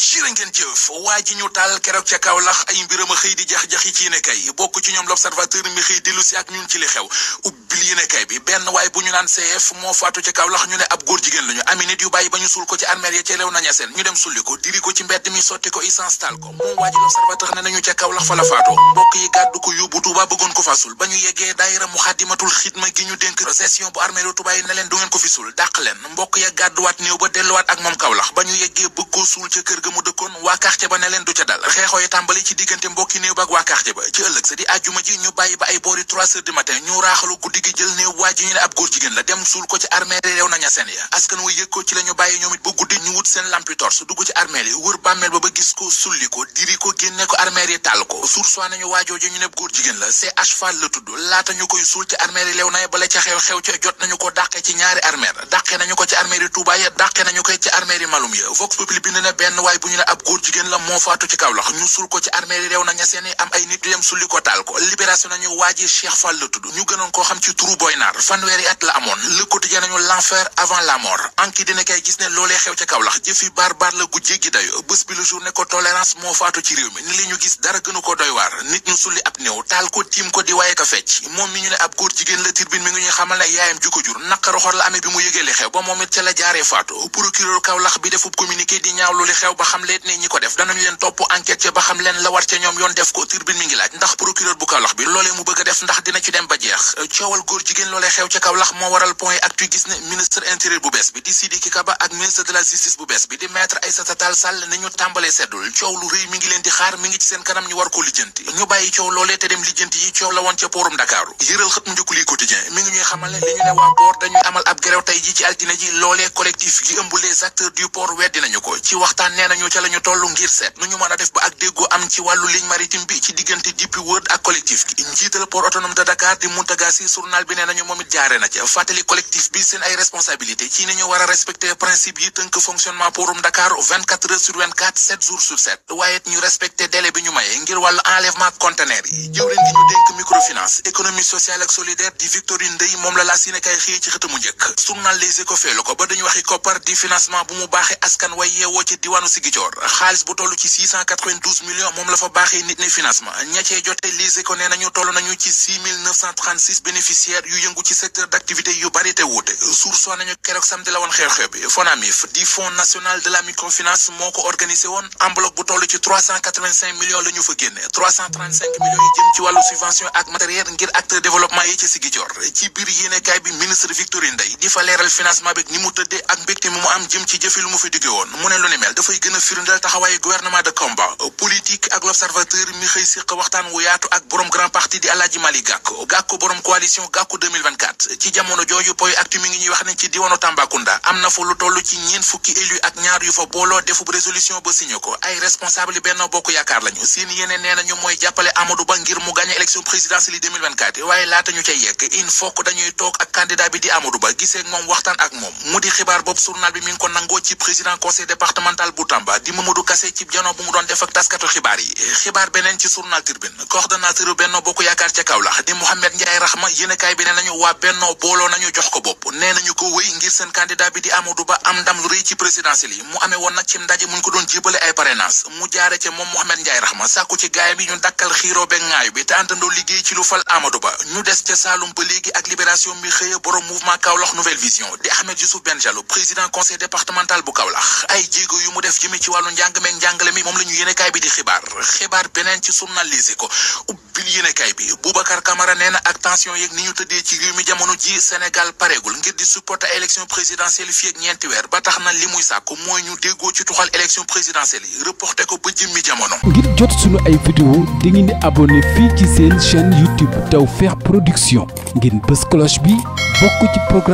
jërë ngeen jëf waa ji ñu taal keroog ca Kaolack ay mbiram a xëy di jax-jaxi ci yéene kay bokk ci ñoom l'observateur mi xëy dellu si ak ñun ci li xew ubbil yéene bi benn waay bu ñu naan CF moo faatu ca Kaolack ñu ne ab góor jigéen lañu ami nit yu bàyyi ba ñu suul ko ci armeel ya ca lew naña seen ñu dem sulli ko diri ko ci mbedd mi sotti ko essence taal ko moom waa ji ne nañu ca Kaolack fa faatoo mbokk yi gàddu ko yóbbu Touba ba ñu yeggee daayira Muxaddamatul Xidma gi ñu dénk gestion bu armeelu Touba yi leen du ngeen ko fi suul dàq leen mbokk ya gàdduwaat néew ba ak moom Kaolack ba ñu yeggee bëgg ko suul ga mu dëkkoon waa quartier ne leen du ca dal xeexoo tàmbali ci diggante mbokki néew ba ak waa quartier ci ëllëg sa di àjjuma ji ñu bàyyi ba ay boori trois heures du matin ñu raaxalu guddi gi jël néew waa ji ñu ne ab góor jigéen la dem suul ko ci armeel yi na ñaseen ya askan wu yëg ko ci la bàyyi ñoom it guddi ñu wut seen lampi torche dugg ci armeel wër bàmmeel ba ba gis ko sulli ko diri ko génne ko armeel yi ko suur soi nañu waajooje waay bu ñu ne ab góor jigéen la moo faatu ci Kaolack ñu sul ko ci armée yi réew na ña seen am ay nit yu sulli ko taal ko libération nañu waaji Cheikh Fall la tudd ñu gënoon koo xam ci turu boy naar fanweeri at la amoon la ko tiim ko di waaye ka fecc moom mi ñu ne ab góor jigéen la tirbine mi ngi ñuy xamal yaayam ju naqaru xor la amee bi mu yëgee li xew ba moom it ca la jaaree faatu procureur Kaolack bi defub communiqué di ñaawlu li xew ba xam leen ñi ko def danañu leen topp enquête ba xam leen la war ca ñoom yoon def ko turbine mi ngi laaj ndax procureur bu Kaolack bi loolee mu bëgg def ndax dina ci dem ba jeex coowal góor jigéen loolee xew ca Kaolack moo waral point actu gis ne ministre intérieur bu bees bi di Sidiki Kaba ak ministre de la justice bu bees bi di maître Aïssata Tall Sall ni ñu tàmbalee seddul coow lu rëy mi ngi leen di xaar mi ngi ci seen kanam ñu war ko lijjanti nañu ca la ñu ngir seet nu ñu mën def ba ak déggoo am ci wàllu ligne maritime bi ci diggante DP World ak collectif gi njiital port autonome de Dakar di Mountaga Sy journal bi nee nañu moom jaare na ca fàttali collectif bi seen ay responsabilité ci ni ñu war a principe yi tënk fonctionnement portum Dakar sur 24 7 sur 7 waaye ñu respecter délai bi ñu mayee ngir wàllu enlèvement conteneur yi jëwriñ gi ñu dénk microfinance économie Ziguinchor xaalis bu toll ci 692 moom la fa baaxee nit ne financement ña jote lise ko nañu toll nañu ci 6936 yu yëngu ci secteur d'activité yu bari te wuute source nañu keroog samedi la woon xew-xew bi FONAMIF di Fonds national de la microfinance moo ko organisé woon enveloppe bu toll ci 385 millions fa génne 335 millions jëm ci wàllu subvention ak matériel ngir acteur développement yi ci Ziguinchor ci biir yéenekaay bi ministre Victorine Ndeye gën a firndeel taxawaayu gouvernement de combat politique ak l'observateur mi xëy siq waxtaan wu yaatu ak borom grand parti di Alaaji Mali Gàkku gàkku borom coalition gàkku ci jamono jooju poy actu mi ngi ñuy wax ne ci diwanu Tambacounda am na fu lu toll ci ñeen fukki élu ak ñaar yu fa booloo defub résolution ba ko ay responsable Benno Bokk Yaakaar lañu seen yéene nee nañu mooy jàppale Amadou Ba ngir mu gagné élection présidentielle 2024 waaye Tamba di Mamadou Kassé ci janoo mu doon def taskatu xibaar yi xibaar beneen ci journal Tribune coordonnateur Benno Bokk Yaakaar ca Kaolack di Mouhamed Ndiaye Rahma yéenekaay bi nee nañu waa Benno booloo nañu jox ko bopp nee nañu ko wéy ngir seen candidat bi di Amadou Ba am ndam lu rëy ci présidentielle yi mu amee nag ci ndaje muñ ko doon jébale ay parrainage mu jaare ci moom Mouhamed Ndiaye Rahma sàkku ci gaayam yi ñu dakkal xiiroo be ŋaayo bi te àndandoo jëmee ci wàllu njàng meeg njàngale mi moom la ñu yéenekaay bi di xibaar xibaar beneen ci journaliste ko ubbil yéenekaay bi Boubacar Camara nee na ak tension yeeg ni ñu tëddee ci réew mi jamono ji Sénégal pareegul ngir di supporter élection présidentielle fii ak ñeenti weer ba tax na li muy sàkku mooy ñu déggoo ci tuxal élection présidentielle yi reporté ko ba jëmmi jamono. ngir jot suñu ay vidéo di ngeen di abonné fii ci seen chaîne YouTube Tawfekh Production ngeen bës cloche bi bokk